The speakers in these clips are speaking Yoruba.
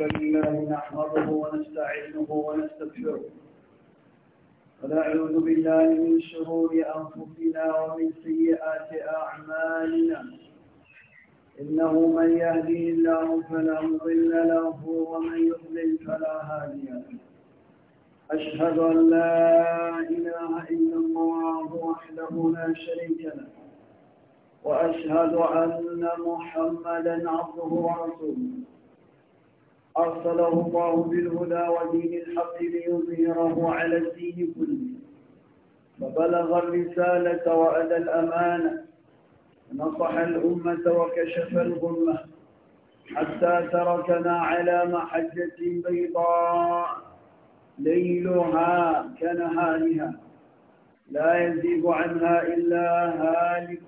الحمد لله نحمده ونستعينه ونستغفره ونعوذ بالله من شرور أنفسنا ومن سيئات أعمالنا إنه من يهدي الله فلا مضل له ومن يضلل فلا هادي له أشهد أن لا إله إلا الله وحده لا شريك له وأشهد أن محمدا عبده ورسوله أرسله الله بالهدى ودين الحق ليظهره على الدين كله فبلغ الرسالة وأدى الأمانة نصح الأمة وكشف الغمة حتى تركنا على محجة بيضاء ليلها كنهارها لا يزيد عنها إلا هالك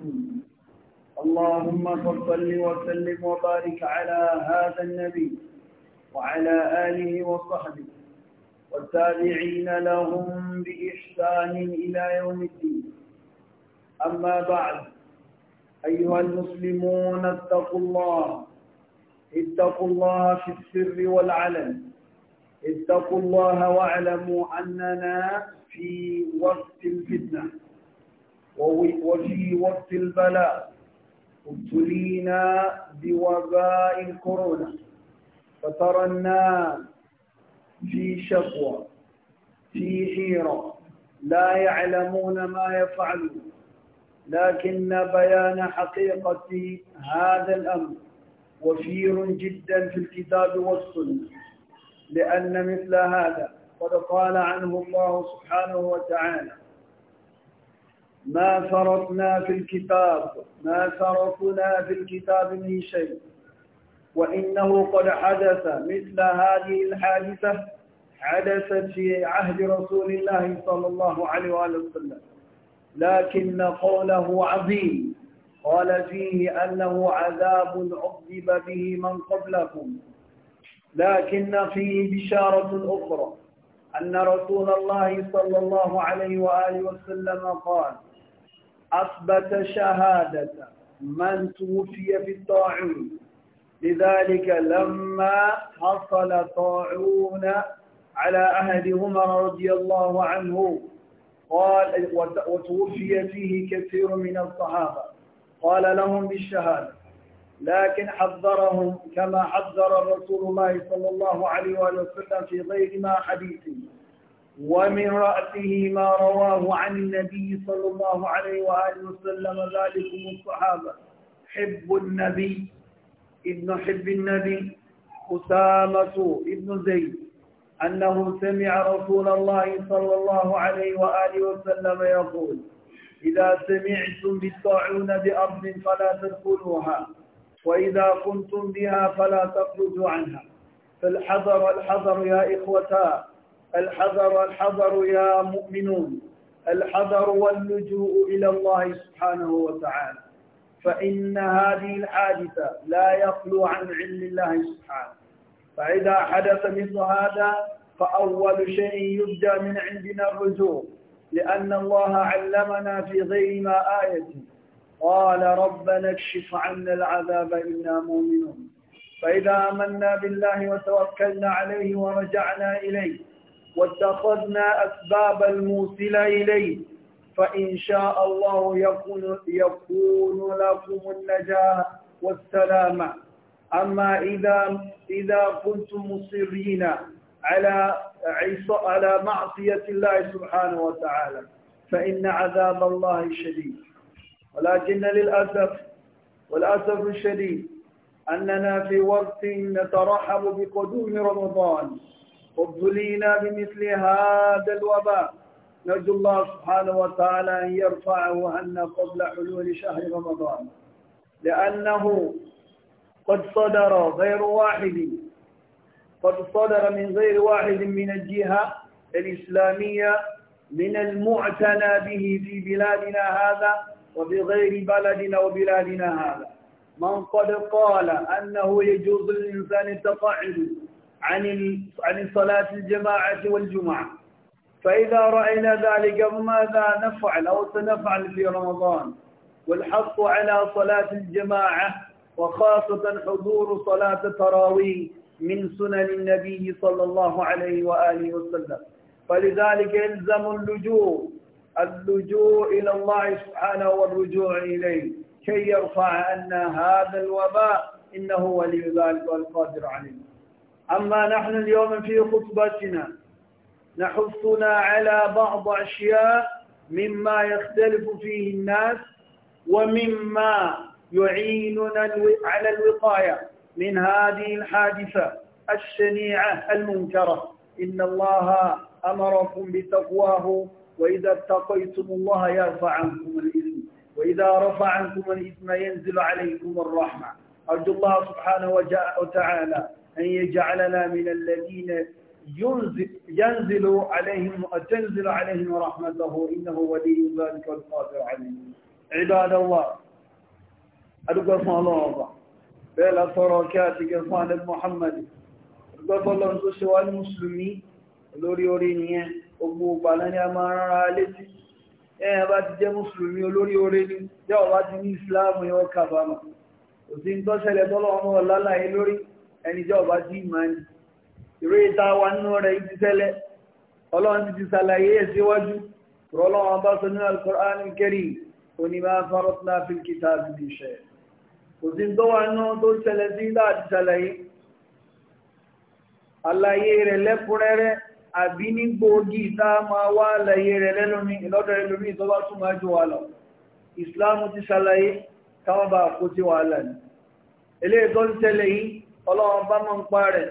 اللهم صل وسلم وبارك على هذا النبي وعلى آله وصحبه والتابعين لهم بإحسان إلى يوم الدين أما بعد أيها المسلمون اتقوا الله اتقوا الله في السر والعلن اتقوا الله واعلموا أننا في وقت الفتنة وفي وقت البلاء ابتلينا بوباء الكورونا فترى الناس في شكوى في حيرة لا يعلمون ما يفعلون لكن بيان حقيقة هذا الأمر وفير جدا في الكتاب والسنة لأن مثل هذا قد قال عنه الله سبحانه وتعالى ما فرطنا في الكتاب ما فرطنا في الكتاب من شيء وإنه قد حدث مثل هذه الحادثة حدثت في عهد رسول الله صلى الله عليه وآله وسلم لكن قوله عظيم قال فيه أنه عذاب عذب به من قبلكم لكن فيه بشارة أخرى أن رسول الله صلى الله عليه وآله وسلم قال أثبت شهادة من توفي في الطاعون لذلك لما حصل طاعون على عهد عمر رضي الله عنه قال وتوفي فيه كثير من الصحابة قال لهم بالشهادة لكن حذرهم كما حذر رسول الله صلى الله عليه وسلم في غير ما حديثه ومن رأسه ما رواه عن النبي صلى الله عليه وآله وسلم ذلكم الصحابة حب النبي ابن حب النبي أسامة ابن زيد أنه سمع رسول الله صلى الله عليه وآله وسلم يقول إذا سمعتم بالطاعون بأرض فلا تدخلوها وإذا كنتم بها فلا تخرجوا عنها فالحذر الحذر يا إخوتا الحذر الحذر يا مؤمنون الحذر واللجوء إلى الله سبحانه وتعالى فإن هذه الحادثة لا يخلو عن علم الله سبحانه فإذا حدث مثل هذا فأول شيء يبدأ من عندنا الرجوع لأن الله علمنا في غير ما آية قال ربنا اكشف عنا العذاب إنا مؤمنون فإذا آمنا بالله وتوكلنا عليه ورجعنا إليه واتخذنا أسباب الموصلة إليه فإن شاء الله يكون, يكون لكم النجاة والسلامة أما إذا, إذا كنتم مصرين على, على معصية الله سبحانه وتعالى فإن عذاب الله شديد ولكن للأسف والأسف الشديد أننا في وقت نترحب بقدوم رمضان وابتلينا بمثل هذا الوباء نرجو الله سبحانه وتعالى أن يرفعه عنا قبل حلول شهر رمضان لأنه قد صدر غير واحد قد صدر من غير واحد من الجهة الإسلامية من المعتنى به في بلادنا هذا وفي غير بلدنا وبلادنا هذا من قد قال أنه يجوز للإنسان التقاعد عن عن صلاة الجماعة والجمعة فإذا رأينا ذلك فماذا نفعل أو سنفعل في رمضان والحق على صلاة الجماعة وخاصة حضور صلاة التراويح من سنن النبي صلى الله عليه وآله وسلم فلذلك يلزم اللجوء اللجوء إلى الله سبحانه والرجوع إليه كي يرفع عنا هذا الوباء إنه ولي ذلك والقادر عليه أما نحن اليوم في خطبتنا نحثنا على بعض أشياء مما يختلف فيه الناس ومما يعيننا على الوقاية من هذه الحادثة الشنيعة المنكرة إن الله أمركم بتقواه وإذا اتقيتم الله يرفع عنكم الإثم وإذا رفع عنكم الإثم ينزل عليكم الرحمة أرجو الله سبحانه وتعالى أن يجعلنا من الذين ينزل عليهم تنزل عليهم رحمته إنه ولي ذلك والقادر عليه عباد الله أدقى صلى الله بلا تركاتك صلى محمد أدقى صلى الله سواء المسلمين olórí orí nìyẹn gbogbo ìgbàlá ni a máa rárá létí ẹ̀yẹn bá ti jẹ́ mùsùlùmí olórí orí ní jẹ́ ọ̀wá ti ní ìsìláàmù yọ kàbàmà kò sí ń tọ́ṣẹlẹ̀ tọ́lọ́ ọmọ ọ̀lá láyé lórí ẹni jẹ́ ọ̀bá tí ìmáà ní ìró ìta wa nínú rẹ̀ ti tẹ́lẹ̀ ọlọ́run ti ti ṣàlàyé ẹ̀ síwájú rọ́lọ́run bá sọ nínú al-Qur'an al-Karim onímọ̀ afárọ́tìlá fi kíta àbíbí iṣẹ́ kò sí tó wà náà tó ṣẹlẹ̀ sí láti ṣàlàyé àlàyé rẹ̀ lẹ́kùnrẹ́rẹ́ àbí ní gbòógì ìta máa wá àlàyé rẹ̀ lẹ́lómi ìlọ́dọ̀ ẹlòmí tó bá túnmọ̀ jù wà lọ ìsìláàmù ti ṣàlàyé káwọn bá kó sí wàhálà ní eléyìí tó ń ṣẹlẹ̀ yìí ọlọ́run bá mọ̀ ń pa rẹ̀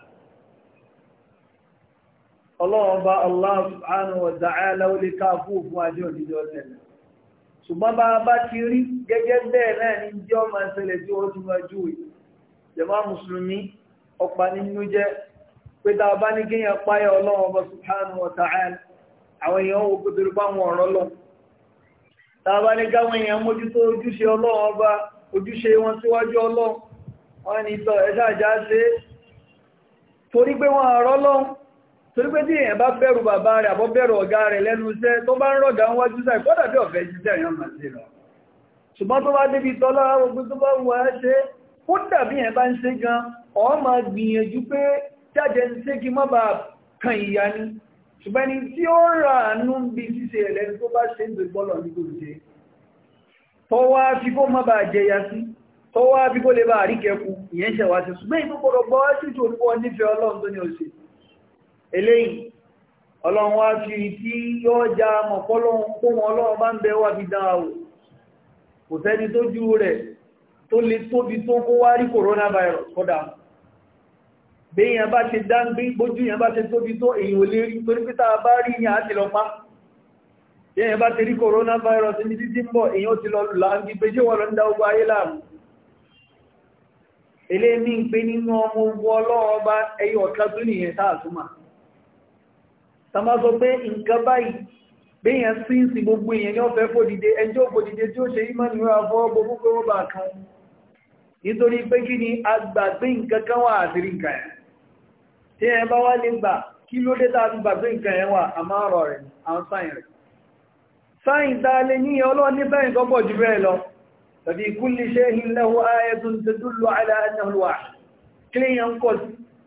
ọlọ́run bá Allah subhanahu wa ta'ala ó lè káàkú fún ajé òdìdí ọ̀sẹ̀ náà ṣùgbọ́n bá a bá ti rí gẹ́gẹ́ bẹ́ẹ̀ náà ní jẹ́ ọmọ ìṣẹ̀lẹ̀ tí wọ́n ti wájú rẹ̀ jẹ̀mọ́ mùsùlùmí ọ̀pá nínú jẹ́ pé tá a bá ní kéèyàn páyà ọlọ́run subhanahu wa àwọn èèyàn wo kòtòrò bá wọn ọ̀rọ̀ lọ tá a bá ní káwọn èèyàn mójútó torí pé tí èèyàn bá bẹ̀rù bàbá rẹ̀ àbọ́ bẹ̀rù ọ̀gá rẹ̀ lẹ́nu iṣẹ́ tó bá ń rọ̀gá ń wájú sáì kọ́dà bí ọ̀fẹ́ jíṣẹ́ èèyàn máa ṣe lọ ṣùgbọ́n tó bá débi tọ́lá ogun tó bá ń wá ṣe ó dàbí èèyàn bá ń ṣe gan ó máa gbìyànjú pé jáde ń ṣe kí má bàa kan ìyá ni ṣùgbọ́n ẹni tí ó rà ánú bí ṣíṣe ẹ̀lẹ́ni tó bá ṣe ń gbé bọ́lọ̀ ní kò ṣe tọwọ́ fi kó má bàa jẹ eléyìí ọlọ́run wá fi tí yóò já mọ̀ pọ́lọ́run kó wọn ọlọ́run bá ń bẹ wá fi dáa o kò sẹ́ni tó jú rẹ̀ tó lè tóbi tó kó wá rí coronavirus kódà béèyàn bá ṣe dáńgbé bójú yẹn bá ṣe tóbi tó èyàn ò lè rí torí pé tá bá rí yẹn á ti lọ pa èyàn bá ti rí coronavirus ní títí ń bọ̀ èyàn ó ti lọ láàbí pé ṣé wọ́n lọ ń dá ogun ayé láàmú eléyìí ní pé nínú ọmọ ogun ọlọ́ọ̀ọ́bá ẹyọ ọ̀kan tó nìyẹn sáà túmọ̀ tàbá sọ pé nǹkan báyìí béèyàn sí sí gbogbo èèyàn yóò fẹ́ fòdìdé ẹjọ́ òfòdìdé tí ó ṣe ìmọ̀ nìyàn àfọwọ́ gbogbo gbogbo bá kan nítorí pé kí ni a gbà pé nǹkan kan wà àti nǹkan ẹ̀ tí ẹ bá wá lè gbà kí ló dé tá a nǹkan ẹ̀ wà a máa rẹ̀ àwọn sáyìn rẹ̀ sáyìn tá lè ní ọlọ́run ní bẹ́ẹ̀ nǹkan pọ̀ jù bẹ́ẹ̀ lọ tàbí kulli shay'in lahu ayatun tadullu ala annahu al-wahid kílíyàn kọ̀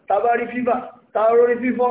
tàbárí tàbárí fífọ́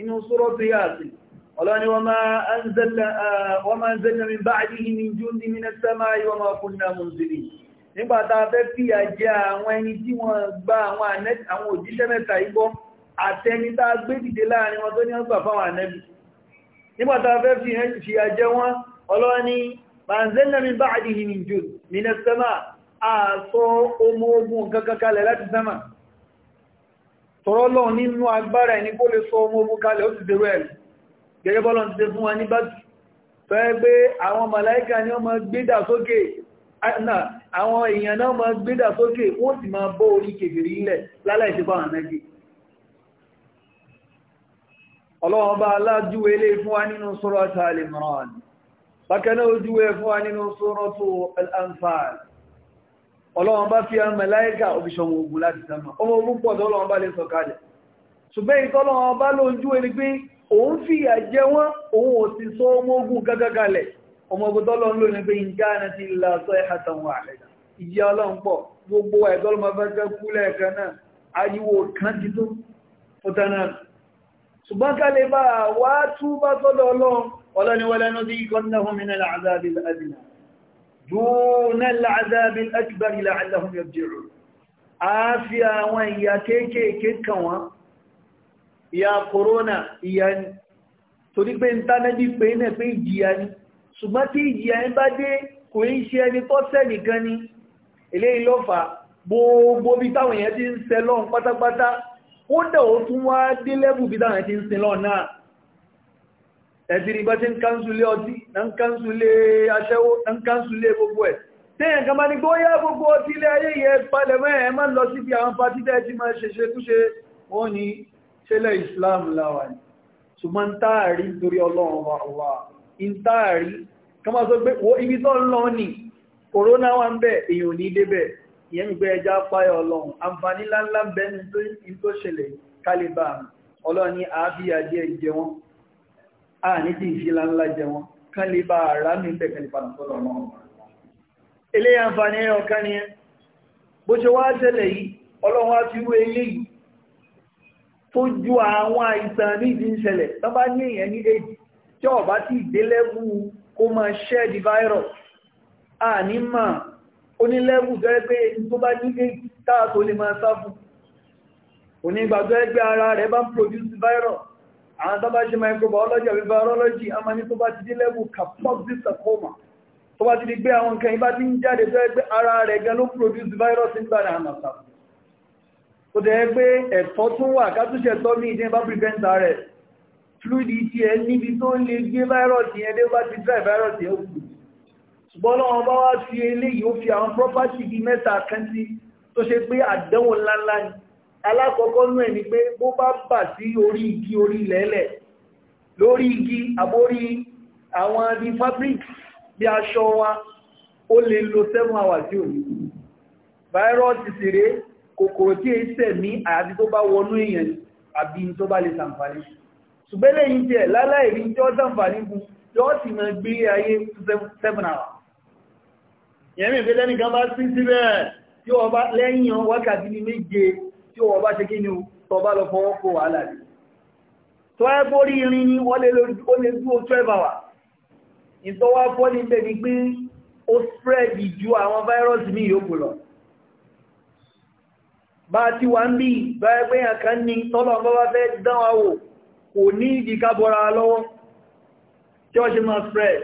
inú suratu Yasin ọlọ́ni wa ma anzalna min ba'dihi min jundin minas samai wa ma kunna munzirin nígbàtà fẹ́ fìyà jẹ àwọn ẹni tí wọ́n gba àwọn òjíṣẹ́ mẹ́ta igbọ́ àtẹni tá gbé dìde láàrin wọn tó ní ọgbà fáwọn ànẹ́bì nígbàtà fẹ́ fìyà jẹ wọn ọmọ ogun kankan láti sama tọ́rọ lọ́n nínú agbára ẹni kó lè sọ ọmọ ogun kalẹ̀ ó ti dẹ̀rọ ẹ̀rì gẹ́gẹ́ bọ́lọ̀ ti dẹ̀ fún wa ní bátì tọ́ ẹ pé àwọn màláíkà ni wọ́n máa gbédà sókè àwọn èèyàn náà máa gbédà sókè wọ́n sì máa bọ́ orí kèfèrí ilẹ̀ lálẹ́ ọlọ́run bá fi ẹmẹ láíkà òbíṣọ́mù ogun láti sánmà ọmọ ogun pọ̀ tọ́lọ́run bá lè sọ kalẹ̀ ṣùgbẹ́ ìtọ́lọ́run bá ló ń jú ẹni pé òun fìyà jẹ wọ́n òun ò sì sọ ọmọ ogun gágágalẹ̀ ọmọ ogun tọ́lọ́run ló ní pé ìjáàna ti la sọ ẹ̀hàtàn wà àrẹ̀dà ìjẹ́ ọlọ́run pọ̀ gbogbo ẹ̀tọ́lọ́run bá dúnà láàzábí akbari láàláhùn yabdi'u a fi àwọn ìyà kéèkéèké kan wọn ìyà corona ìyà ni torí pé ń tánẹ́bí pé náà pé ìjìyà ni ṣùgbọ́n tí ìjìyà ń bá dé kò ń ṣe ẹni tọ́sẹ̀ nìkan ni eléyìí ló gbogbo bí táwọn èèyàn ti ń sẹ lọ́n pátápátá ó dẹ̀ ó tún wá dé lẹ́bù bí táwọn èèyàn ti ń sin lọ́n náà ẹ̀tìrì bá ti ń káńsùlé ọtí na ń káńsùlé aṣẹ́wó na ń káńsùlé gbogbo ẹ̀ tẹ́yìn kan bá ní gbó yá gbogbo ọtí ilé ayé yẹ palẹ̀ mẹ́ ẹ̀ má lọ síbi àwọn pàtí ti máa ṣe ṣekúṣe wọ́n ní ṣẹlẹ̀ Islam láwà ní ṣùgbọ́n táàrí torí ọlọ́run wa wà ń táàrí kan máa sọ pé wo corona wa ń bẹ èèyàn ní débẹ̀ ìyẹn gbé ẹja páyọ ọlọ́run àǹfààní ńláńlá bẹ́ẹ̀ ní tó ṣẹlẹ̀ kálíbà a ní tí ìfìlà ńlá jẹ wọn kán lè bá ara mi bẹ̀ kán lè padà sọ́dọ̀ wọn ilé ni bó ṣe wá ṣẹlẹ̀ yìí ọlọ́run wá fi rú eléyìí tó ju àwọn àìsàn ní ìdí ń ṣẹlẹ̀ tó bá ní èèyàn ní èdè tí ọ̀bá tí ìdélẹ́wù kó máa ṣẹ́ di virus a ní mọ̀ onílẹ́wù tó yẹ pé tó bá ní èdè táà tó lè máa sáfù onígbàgbọ́ ẹgbẹ́ ara rẹ̀ bá ń produce virus àwọn tó bá ṣe microbiology àbí biology a máa ní tó bá ti dé lẹ́bù Kaposi's sarcoma tó bá ti di gbé àwọn nǹkan ibá ti ń jáde tó ẹgbẹ́ ara rẹ̀ gan ló produce virus nígbà rẹ̀ àmà sàbò tó dẹ̀ pé ẹ̀tọ́ tún wà kátúnṣe ẹ̀tọ́ virus yẹn dé bá virus yẹn kù ṣùgbọ́n náà bá wá fi property bíi mẹ́ta kan sí tó ṣe pé àdánwò alákọ̀ọ́kọ́ nú ẹni pé bó bá bà sí orí igi orí lẹ́lẹ̀ lórí igi àbórí àwọn ibi fabric bí aṣọ wa ó lè lo 7 hours tí ò ní fáírọ́ọ̀sì sèré kòkòrò tí è sẹ̀mí àti tó bá wọnú èèyàn àbí tó bá lè sàǹfàní ṣùgbẹ́lẹ̀ yìí jẹ́ láláìrí tí ó sàǹfàní fún yóò sì mọ̀ gbé ayé 7 hours yẹ́mì ìfẹ́lẹ́nìkan bá sí síbẹ̀ tí ó bá lẹ́yìn wákàtí ní méje tí wọ́n bá ṣe kí ni tọ bá lọ fọwọ́ kó wà láàrin tó ẹ borí irin ni wọ́n lè dúó 12 hours ìtọ́wà pọ́ ní bẹ̀ ni pé ó spread ju àwọn virus ní ìyókù lọ bá ti wà ń bí báyẹ̀ pé àkán ní tọ́lọ̀ bá bá fẹ́ dán wa wò kò ní ìdí kábọ́ra lọ́wọ́ tí ó ṣe máa spread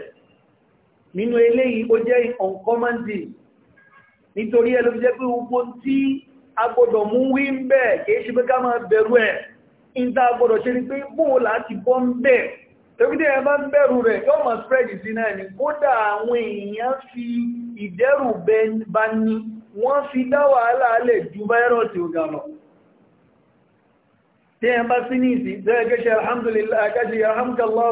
nínú eléyìí ó jẹ́ uncommon thing nítorí ẹ̀ ló fi jẹ́ pé gbogbo tí agbọ́dọ̀ mú wí ń bẹ̀ kìí ṣe pé ká máa bẹ̀rù ẹ̀ ìta agbọ́dọ̀ ṣe ni pé bóò láti bọ́ ń bẹ̀ tókítẹ́ ẹ bá ń bẹ̀rù rẹ̀ yọ́ mọ̀ spread sí náà ni kódà àwọn èèyàn fi ìdẹ́rù bá ní wọ́n fi dá wàhálà ju fáírọ̀sì ọ̀gá lọ tí ẹ bá sí ní tẹ́ alhamdulillah gẹ́ṣẹ́ alhamdulillah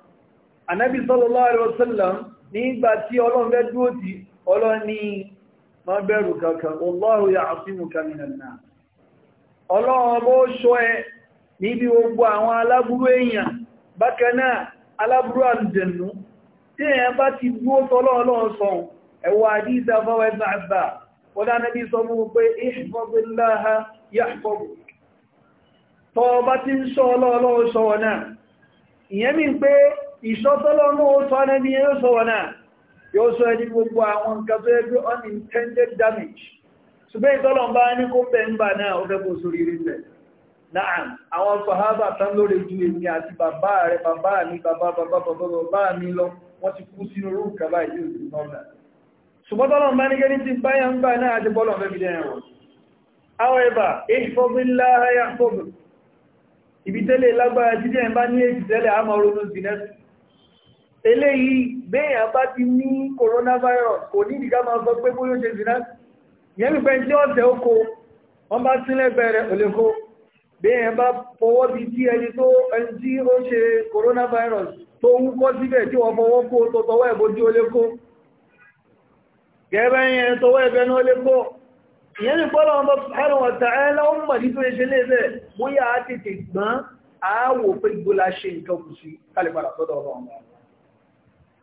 Anabi sallallahu alaihi wasallam nígbà tí ọlọ́run fẹ́ dúró ọlọ́run ní bẹ̀rù kankan ọlọ́run bó ẹ níbi gbogbo àwọn aláburú èèyàn aláburú tí bá ti dúró tọ́lọ́ọ̀lọ́run sọ ẹ̀wọ̀ pé ìṣọ́tọ́lọ́ náà sọ ẹni yóò sọ wọ́n náà yóò sọ ẹni gbogbo àwọn nǹkan tó unintended damage ṣùgbẹ́ ìtọ́lọ̀ ní kó bẹ̀ ń bà náà ó fẹ́kọ́ sórí rẹ̀ náà àwọn sọ̀hábà tán lórí ju èmi àti bàbá rẹ̀ bàbá mi bàbá bàbá bàbá mi lọ wọ́n ti kú sínú bá ní eléyìí béèyàn bá ti ní coronavirus kò ní ìdíká máa sọ pé bóyó ṣe zina yẹ́mì pé tí ọ̀tẹ̀ oko wọ́n bá sílẹ̀ bẹ̀rẹ̀ òlèkó béèyàn bá fọwọ́ bí tí ẹni tó ẹni tí ó ṣe coronavirus tó ń kọ́ síbẹ̀ tí wọ́n fọwọ́ kó tó tọwọ́ ẹ̀bójú olékó gẹ́gẹ́ yẹn tọwọ́ ẹ̀bẹ̀ ní olékó ìyẹn ni pọ́lọ̀ ọmọ ẹ̀rùn ọ̀tà ẹ̀lá ó mọ̀ nítorí ṣe léèbẹ̀ bóyá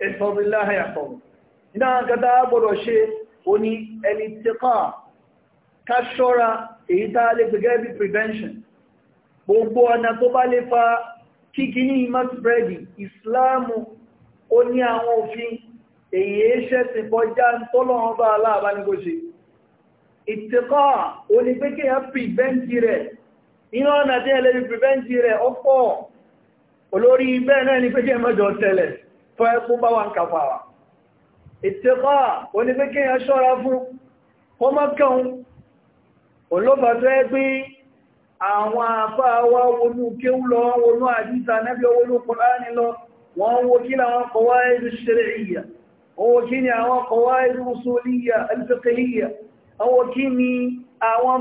ẹ̀sọ̀rọ̀láhà yàtọ̀rọ̀ náà gada gbọ́dọ̀ ṣe o ní ẹni tẹ́kà ká ṣọ́ra èyí tá lè gẹ́gẹ́ bí prevention gbogbo ọ̀nà tó bá lè fa kíkí ní imat bredi islamu ó ní àwọn òfin èyí ṣẹ́ sì kọjá tọ́lọ́wọ́n bá aláàbánikóṣe ìtẹ́kà o ní pé kí ẹ prevent rẹ̀ iná ọ̀nà tí ẹ lè rẹ̀ ọ̀pọ̀ olórí bẹ́ẹ̀ náà ni pé kí ẹ mọ́jọ tẹ́lẹ̀ fún bá wà ń kàfàrà ìtẹ́kọ́ oníbẹ́kẹ́yàn ṣọ́ra fún wọ́n má kàn olófà tó ẹ́ àwọn àfáàwá wọnú kéwú lọ wọnú àdíta nẹ́bí lọ wọ́n àwọn kọwáìdù ṣẹ̀ríyà wọ́n kí bá àwọn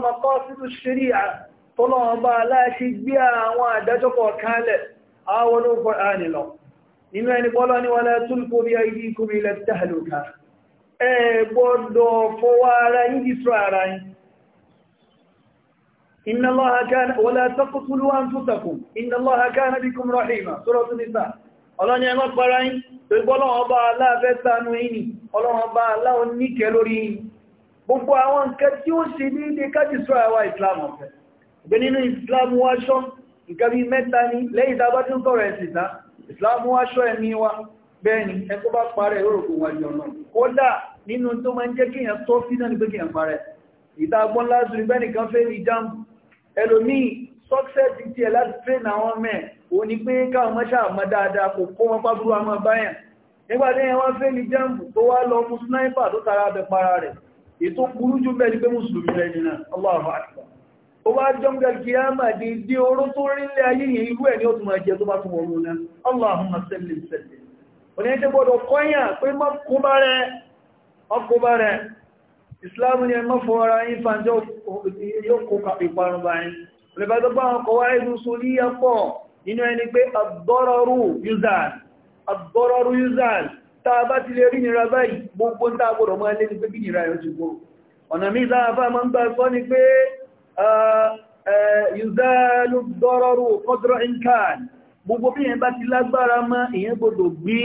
àwọn nínú ẹni bọ́lọ́ ní wala tulqu bi aydikum ila tahluka ẹ gbọ́dọ̀ fọwọ́ ara yín dìtọ́ ara yín inna Allaha kana wala taqtulu anfusakum inna Allaha kana bikum rahima suratu nisa ọlọ́ni ẹmọ́ para yín tó gbọ́lọ́wọ́ bá aláàfẹ́ sánú ìní ọlọ́wọ́ bá aláwọ̀ níkẹ lórí ìní ìsìláàmù wá ṣọ́ ẹ̀mí wa bẹ́ẹ̀ni ẹkọ́ bá parẹ́ orògbò wà ní ọ̀nà kódà nínú tó máa ń jẹ́ kí èèyàn tó fi náà ní pé kí èèyàn parẹ́ ìta agbọ́n lásìrí bẹ́nìkan fẹ́ rí jáàmù ẹlòmíì sọ́ksẹ́sì tí ẹ láti fẹ́ na wọn mẹ́ o ní pé káwọn mọ́ṣà mọ́ dáadáa kò kó Allahu Akbar ó wá jọ́mdà kìíyàmà di di oró tó rílẹ̀ ayé yìí irú ẹ̀ ní ó túnmọ̀ ẹjẹ́ tó bá tún wọ́n lónà Allahumma sallim sallim òní ẹjẹ́ gbọ́dọ̀ kọ́yà pé mọ́ kóbá rẹ̀ Islam ni ẹmọ́ fọ́ra yín fàájọ́ ọ̀nà míì sáà fáà ń gbà sọ ni pé yuzalu ad-dararu qadra in kan gbogbo bí yẹn bá ti lágbára mọ́ ìyẹn gbọdọ̀ gbé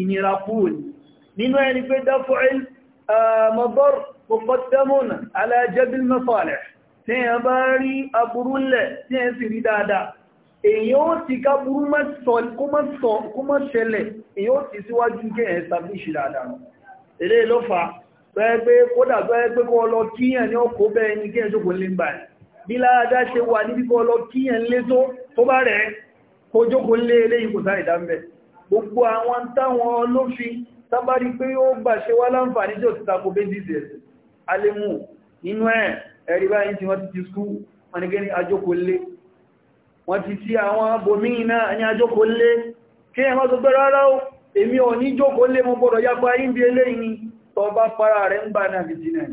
ìnira kúrò nínú ẹni pé dáfọ́ìl mọ́bọ́r muqaddamun ala jalbil masalih tí yẹn bá rí aburú lẹ̀ tí yẹn sì rí dáadáa èyàn ó ti ká burú pẹ́ẹ́gbé kódà pẹ́ẹ́gbé kọ́ lọ kíyàn ní ọkọ̀ bẹ́ẹ̀ ní kí ẹ̀ṣòkò lè ń bà bí láadá ṣe wà níbi kọ́ lọ kíyàn lé tó tó bá rẹ̀ kó jókò lé eléyìn kò sáà ìdámbẹ̀ gbogbo àwọn táwọn olófin tábárí pé ó bà ṣe wá láǹfààní tí ti tako bẹ́ẹ̀dìsì ni kí ni ajókò lé wọ́n ti ti àwọn abòmíì náà ní ajókò lé kí ẹ̀ má sọ pé rárá o èmi tọ bá para rẹ̀ ń bá náà fìtì náà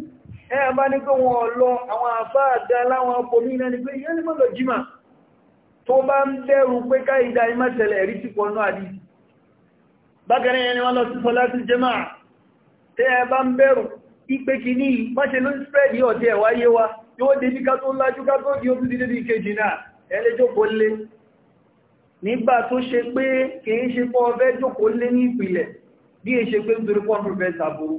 ẹ bá ní pé wọn lọ àwọn àfáàdá láwọn ọkọ̀mí náà ni pé yẹ́ ní mọ́lọ̀ jímà tó bá ń bẹ̀rù pé káìdá imátẹ̀lẹ̀ rí ti pọ̀nú àdí bákan ẹni wọ́n lọ sí sọ láti jẹ́mà tẹ́ spread yóò wa yóò débi ká tó lájú ká tó di oṣù dídé bí kejì náà ẹlẹ́ jókòó lé nígbà tó ṣe pé kìí ṣe pọ́ ọfẹ́ jókòó lé ní ìpìlẹ̀ bí è ṣe pé ń torí pọ́n prọfẹ́sà burú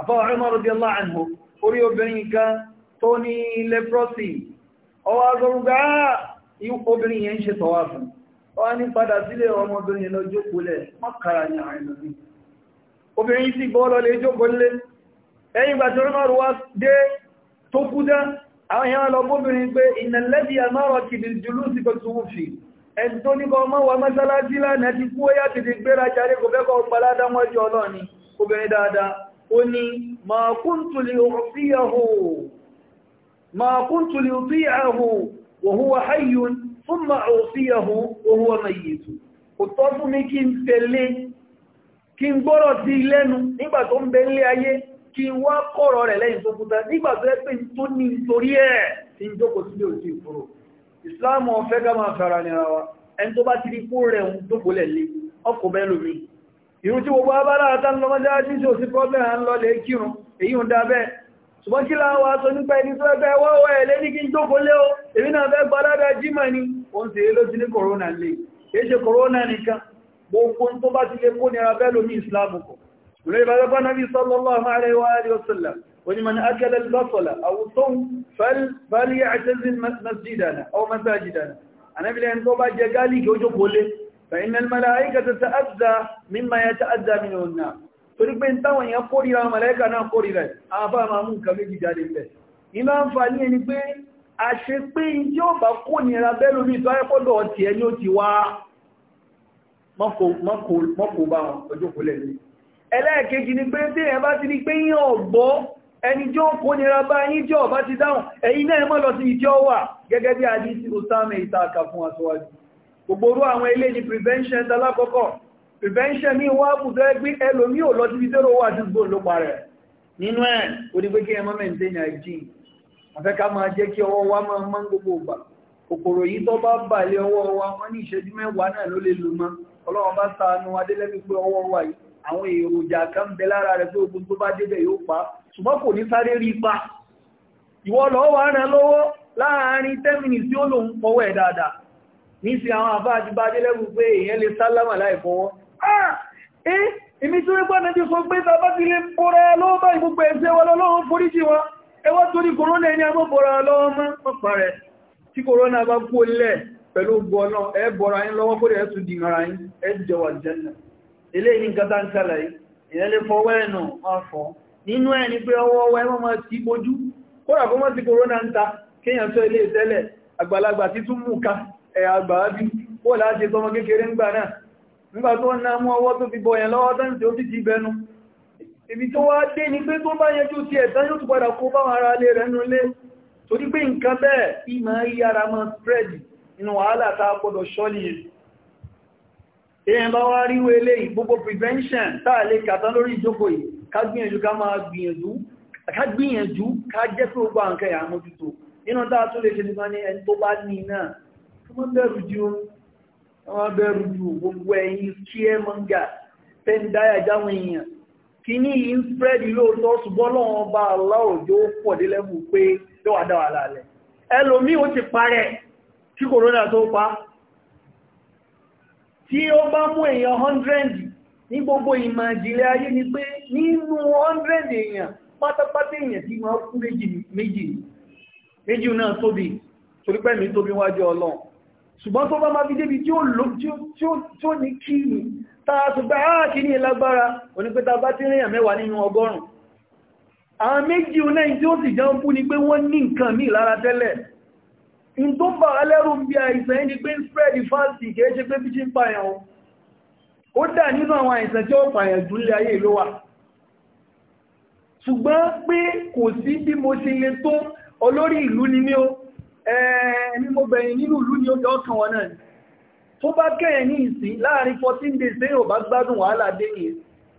àfáwà Umar radiyallahu anhu orí obìnrin kan tó ní leprosy ọwọ́ agọrùgbà ah, obìnrin yẹn ń ṣe tọ́wà fún ọwọ́ ní padà sílé ọmọbìnrin yẹn lọ jókòólẹ̀ mọ́kàrà ní àwọn ẹ̀lọ́bí obìnrin sì bọ́ lọlẹ̀ jókòólé ẹ̀yìn ìgbà tó Umar wá dé tó kú dá àwọn èèyàn lọ bóbìnrin pé ìnàlẹ́bí àmọ́rọ̀ kìbì jùlú sí kò tún fi ẹni tó ó ní ma kuntu li u'tiyahu ma kuntu li uti'ahu wa huwa hayyun kò tọ́ fún mi kí n tẹ̀lé kí n gbọ́rọ̀ sí lẹ́nu nígbà tó ń bẹ nílé ayé kí n wá kọ̀rọ̀ rẹ̀ lẹ́yìn tó kúta nígbà tó ẹ́pẹ́ tó ní ẹ̀ tí irun tí gbogbo abára àtàn lọ mọ́jájí tí ó sí problem à ń lọ lè kírun èyí ń dábẹ́ ṣùgbọ́n kí láwọ́ aṣọ nípa ẹni tó ẹgbẹ́ wọ́wọ́ ẹ̀ lé ní kí n jókòó lé o èmi náà fẹ́ gbalada jímọ̀ ni ó ń ṣe é ló ti ní corona lè ṣe corona nìkan gbogbo tó bá ti lè kó nira bẹ́ẹ̀ lómi islam kọ̀ ìlú ìbára bá nàbí sallallahu alaihi wasallam ومن أكل البصل أو الثوم فليعتزل مسجدنا أو مساجدنا أنا بلين طبعا جاء قال لي كوجو قولي فإن الملائكة تتأذى مما يتأذى منه الناس torí pé táwọn èèyàn kórìíra màláíkà náà kórìíra àbá máa mú nǹkan méjì jáde ilẹ̀ iná ń fa ní ẹni pé a ṣe pé ìjọ bá kó nira bẹ́lú ní ìtọ́ ẹ̀kọ́dọ̀ ọ̀tí ẹni ó ti wá mọ́kò bá wọn ọjọ́ kò lẹ́nu ẹlẹ́ẹ̀kejì ni pé tí ẹ̀yàn bá ti ní pé yín ọ̀gbọ́ ẹni jọ kó nira bá yín jọ bá ti dáhùn ẹ̀yin náà mọ́ lọ sí ìjọ wà gẹ́gẹ́ bí adí sí osame ìta àkà fún aṣọ́wájú gbogbooru àwọn ilé ní prevention dalákọ́kọ́ prevention ní wá bùdó ẹgbẹ́ ẹlòmí ò lọ síbi tẹ́rọ wà tí gbò ló parẹ̀ nínú ẹ̀ onígbé kí ẹmọ́ maintain hygiene afẹ́ká máa jẹ́ kí ọwọ́ wa máa mọ́ gbogbo ìgbà kòkòrò yìí tó bá bàlẹ̀ ọwọ́ wa wọ́n ní ìṣẹ́jú mẹ́wàá náà ló lè lò mọ́ ọlọ́wọ́n bá ṣàánú adélẹ́bí pé ọwọ́ wa yìí àwọn èròjà kan bẹ lára rẹ̀ bá débẹ̀ yóò ipa ìwọ lọ́wọ́ lọ́wọ́ láàárín 10 minutes lòun ní sí àwọn àbá àti bá délẹ́gùn pé èèyàn lè sálámà láì fọwọ́ ah! ẹ́ èmi tó rí pàdé ti sọ pé tàbá ti lè bọ́ra lọ́wọ́ bá ìgbogbo ẹ̀ṣẹ̀ wọn lọ́wọ́ foríjì wọn ẹwọ́ torí kòrónà ẹni àmọ́ bọ́ra lọ́wọ́ mọ́ pọ̀pá rẹ̀ tí kòrónà bá kú lẹ̀ pẹ̀lú gbọ́nà ẹ bọ́ra yín lọ́wọ́ kó rẹ̀ tún dìnà ara yín ẹ jẹwà jẹ́nà eléyìí nǹkan tá ń kàlàyé ìyẹn ẹ̀yà àgbàábí kó láti tọmọ kékeré ń gbà náà nígbà tó ń náà mú ọwọ́ tó fi bọ yẹn lọ́wọ́ tán tí ó ti ti bẹnu ibi tó wá dé ni pé tó bá yẹn tó ti ẹ̀tán yóò tó padà kó bá wọn ara lé rẹ̀ nú lé torí pé nǹkan bẹ́ẹ̀ ìmọ̀ yára mọ́ spread inú wàhálà tá a gbọ́dọ̀ ṣọ́lì prevention táà lè kàtà lórí ìjókòó yìí ká gbìyànjú ká máa gbìyànjú ká gbìyànjú ká jẹ́ pé ó gbà nǹkan inú tó bá ní náà tí wọ́n bẹ̀rù ju wọ́n bẹ̀rù ju gbogbo ẹ̀yin kíẹ́mọ́ngà tẹ́ndáyà jáwọn èèyàn kí ní yìí ń spread lóòótọ́ ṣùgbọ́n lọ́wọ́n bá aláòjó pọ̀ dé lẹ́bù pé dọ́wàdáwà lálẹ́ ẹlòmí ó ti parẹ́ kí corona tó pa tí ó bá mú èèyàn 100 ní gbogbo ìmọ̀ ìjìnlẹ̀ ayé ni pé nínú 100 èèyàn pátápátá èèyàn tí wọ́n kú méjì méjì méjì náà tóbi torípẹ́mí tóbi wájú ọlọ́run ṣùgbọ́n tó bá máa fi débi tí ó ní kí ní tàà ṣùgbà áàkì ní ìlágbára onípẹta bá tí ríyàn mẹ́wàá nínú ọgọ́rùn àwọn méjì onáyìn tí ó sì jẹun fún ni pé wọ́n ní nǹkan míì lára tẹ́lẹ̀ in tó bà alẹ́rù bí àìsàn ẹni pé ń spread fast kìí ṣe pé bí ṣe ń pààyàn o ó dà nínú àwọn ni mí o ẹ̀ẹ̀mí mo gbẹ̀yìn nínú ìlú ni ó jọ ọkàn wọn náà tó bá kẹ́yẹ̀ ní ìsìn láàrin 14 days ní ò bá gbádùn wàhálà dé yìí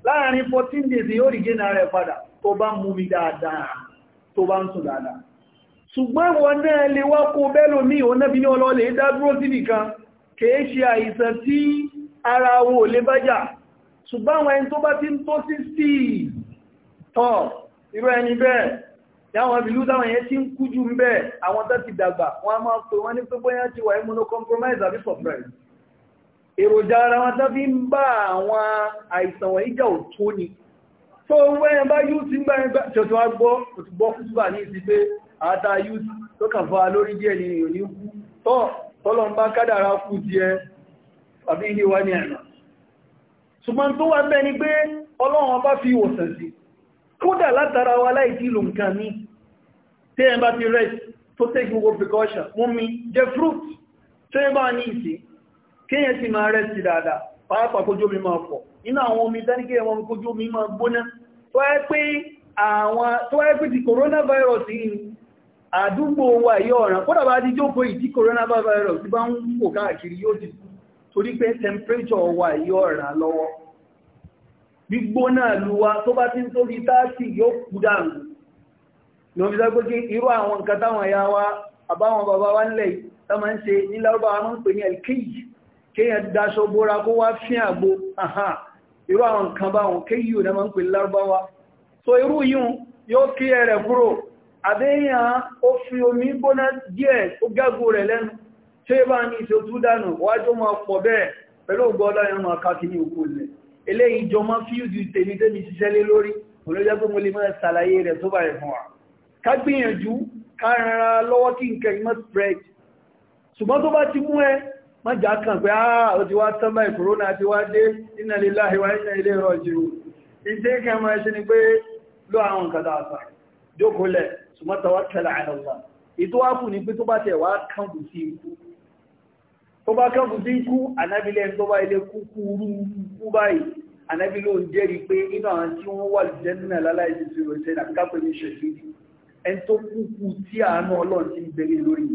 láàrin 14 days yóò rí gẹ́nà rẹ̀ padà tó bá mú mi dáadáa tó bá ń sùn dáadáa ṣùgbọ́n wọn náà lè wá kó bẹ́lò mí ò náà bí ní ọlọ́lẹ̀ dádúró sí nìkan kìí ṣe àìsàn tí ara wo lè bájà ṣùgbọ́n àwọn dáwọn ìlú dáwọn yẹn tí ń kú jù ń bẹ́ẹ̀ àwọn tó ti dàgbà wọn a máa pè wọ́n ní pé bóyá ti wà immuno compromise àbí surprise èròjà ara wọn tó fi ń bá àwọn àìsàn wọ̀nyí jà ò tó ni tó wẹ́yẹn bá yú ti ń bá ẹgbẹ́ tẹ̀tọ́ wá wa ní ẹ̀nà ṣùgbọ́n tó ọlọ́run bá fi ìwòsàn sí kódà látara wa láìsí ìlò nǹkan ní tí ẹ bá ti rest tó take gbogbo precaution mú mi jẹ fruit tí ẹ bá ní ìsí kíyàn sí máa rest dáadáa pàápàá kójú omi máa fọ̀ nínú àwọn omi táníkì ẹwọ́n kójú omi máa gbóná tó ẹ́ pé ti coronavirus yìí àdúgbò wa yọ ọ̀ràn kódà bá ti jókòó ìdí coronavirus bá ń wò káàkiri yóò ti torí pé temperature wa yọ ọ̀ràn lọ́wọ́ gbígbóná lúwa tó bá ti ń tó rí táàkì yóò kú dànù lórí dágbójí irú àwọn nǹkan táwọn ya wa àbáwọn bàbá wa nílẹ̀ tó máa ń ṣe ní lárúbáwá máa ń pè ní ẹ̀kíyì kéèyàn daṣọ bóra kó wá fín àgbo irú àwọn nǹkan báwọn kéyìí pẹ̀lú ògbọ́lá ẹran àkàkì ní òkú ilẹ̀ ele jọ fi fíìdì tèmi tèmi ṣiṣẹ́ lé lórí olójẹ́ mo lè máa ṣàlàyé rẹ̀ tó báyìí fún wa ká gbìyànjú ká rárá lọ́wọ́ kí nǹkan mọ́ spread ṣùgbọ́n tó bá ti mú ẹ má jà kàn pé ah, ti wá tán báyìí corona ti wá kan máa ṣe ni pé lọ àwọn nǹkan a jókòó lẹ̀ ṣùgbọ́n tawakkal ala tó bá kẹ́kù sí kú ànábílẹ̀ tó bá ilé kúkú rú báyìí ànábílẹ̀ òun jẹ́rìí pé inú àwọn tí wọ́n wà lùjẹ́ nínú aláìsí sí rọ̀ṣẹ́ náà kápẹ́ ní ṣẹ̀ṣẹ́ ẹni tó kúkú tí àánú ọlọ́run ti ń bẹ̀rẹ̀ lórí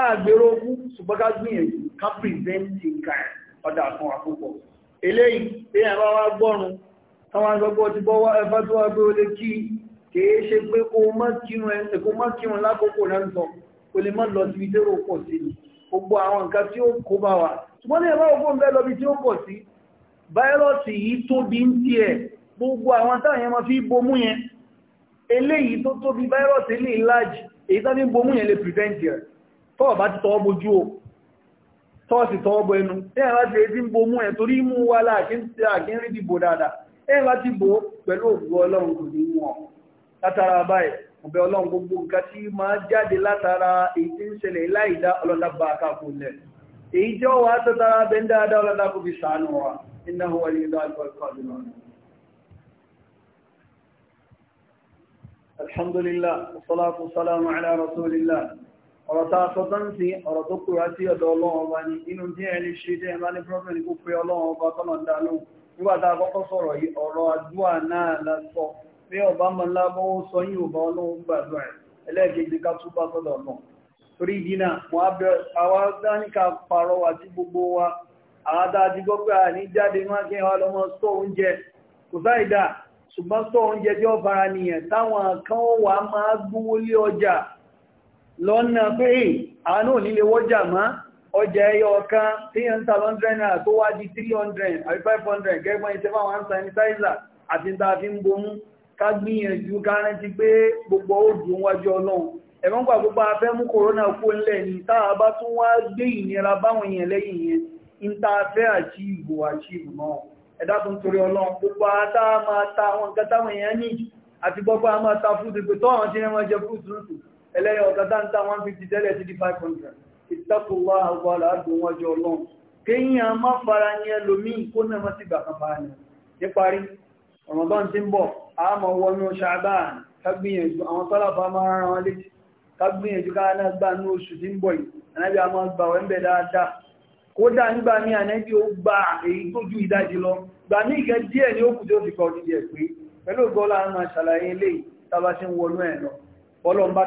àgbèrò kú ṣùgbọ́n ká gbìyànjú ká pìrìsẹ́ǹtì nǹkan ọ̀dà fún àkókò eléyìí tí ẹ̀ bá wá gbọ́run kìí ṣe pé kó má kírun lákòókò náà ń kò lè má lọ síbi tẹ́rọ pọ̀ sí ni gbogbo àwọn nǹkan tí ó kó bá wa ṣùgbọ́n ní ẹ̀bá ogun bẹ́ẹ̀ lọ́bi tí ó pọ̀ sí fáírọ́ọ̀sì yìí tóbi ń tí ẹ̀ gbogbo àwọn táyẹn ma fi bomú yẹn eléyìí tó tóbi fáírọ́ọ̀sì lè láàjì èyí tó ní bomú yẹn lè prevent ẹ̀ tọ́ọ̀ bá ti tọ́ọ́ o tọ́ọ̀ sì tọ́ọ́ bọ ẹnu ẹ̀yìn láti èyí tí ń bomú ẹ̀ torí mú wa láàkín rí dìbò dáadáa ọbẹ̀ ọlọ́run gbogbo nǹkan tí máa jáde látara èyí tí ń ṣẹlẹ̀ láìdá ọlọ́lábà àkàkùn lẹ̀ èyí tí ó wà tọ́tara bẹ́ ń dáadáa ọlọ́lábà fi sàánù wa iná wọ́n lè dá ọlọ́kọ̀ lọ. alhamdulillah salatu salamu ala rasulillah ọ̀rọ̀ tá a sọ tán sí ọ̀rọ̀ tó kúrò sí ọ̀dọ̀ ọlọ́run ọba ni inú bí ọba mọ̀ lábọ́wọ́ sọ yí ọba ọlọ́run gbàdúrà ẹlẹ́ẹ̀kejì ká túbá sọ́dọ̀ náà torí ìdínà àwọn dáníkà parọ́ àti gbogbo wa àádá àti gọ́gbà ní jáde máa kí lọ́mọ sọ oúnjẹ kò sáìdá ṣùgbọ́n sọ oúnjẹ tí ó nìyẹn táwọn kan wà máa gbówó lé ọjà lọ́nà pé nílé wọ́jà ọjà ẹyọ kan ń ta náà tó wá di àbí gẹ́gbọ́n ìṣẹ́fà wọn sanitizer àti ta fi ká gbìyànjú ká rántí pé gbogbo òdù wájú ọlọ́run ẹ̀mọ́ gbà gbogbo afẹ́ mú kòrónà kó ńlẹ̀ ní táà bá tún wá gbé ìnira báwọn èèyàn lẹ́yìn yẹn ń ta afẹ́ àti ìbò àti ìbò náà ẹ̀dàkùn torí ọlọ́run gbogbo ata máa ta àwọn nǹkan táwọn èèyàn ní àti gbogbo a máa ta fúrútù pé tọ́ àwọn tí wọ́n jẹ fúrútù rútù ẹlẹ́yìn ọ̀gá dáńtà 150 tẹ́lẹ̀ sí 500 ìtàkùnlá Ramadan tí ń bọ̀ a máa wọnú Ṣàbáàn kágbìyànjú àwọn sọ́làfà máa rán wọn létí kágbìyànjú ká náà gbà ní oṣù tí ń bọ̀ yìí ànábì a máa gbà wọ́n bẹ̀ dáadáa kódà nígbà ní ànábì ó gba èyí tó ju ìdájí lọ gbà ní ìkẹ́ díẹ̀ ní òkú tí ó fi kọ́ ní díẹ̀ pé pẹ̀lú gọ́lá àmà ṣàlàyé ilé tàbá sí wọnú ẹ̀ lọ ọlọ́mbá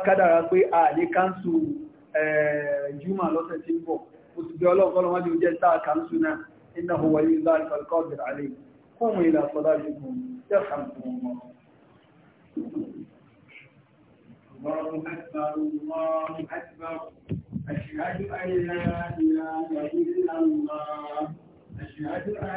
lọ́sẹ̀ tí ń bọ̀ òsùgbẹ́ ọlọ́ọ̀kọ́lọ́wọ́dì ó jẹ́ táà káńsù náà innahu waliyyu dhalika al-qadir alayh قوموا إلى صلاتكم يرحمكم الله الله أكبر الله أكبر أشهد أن لا إله إلا الله أشهد أن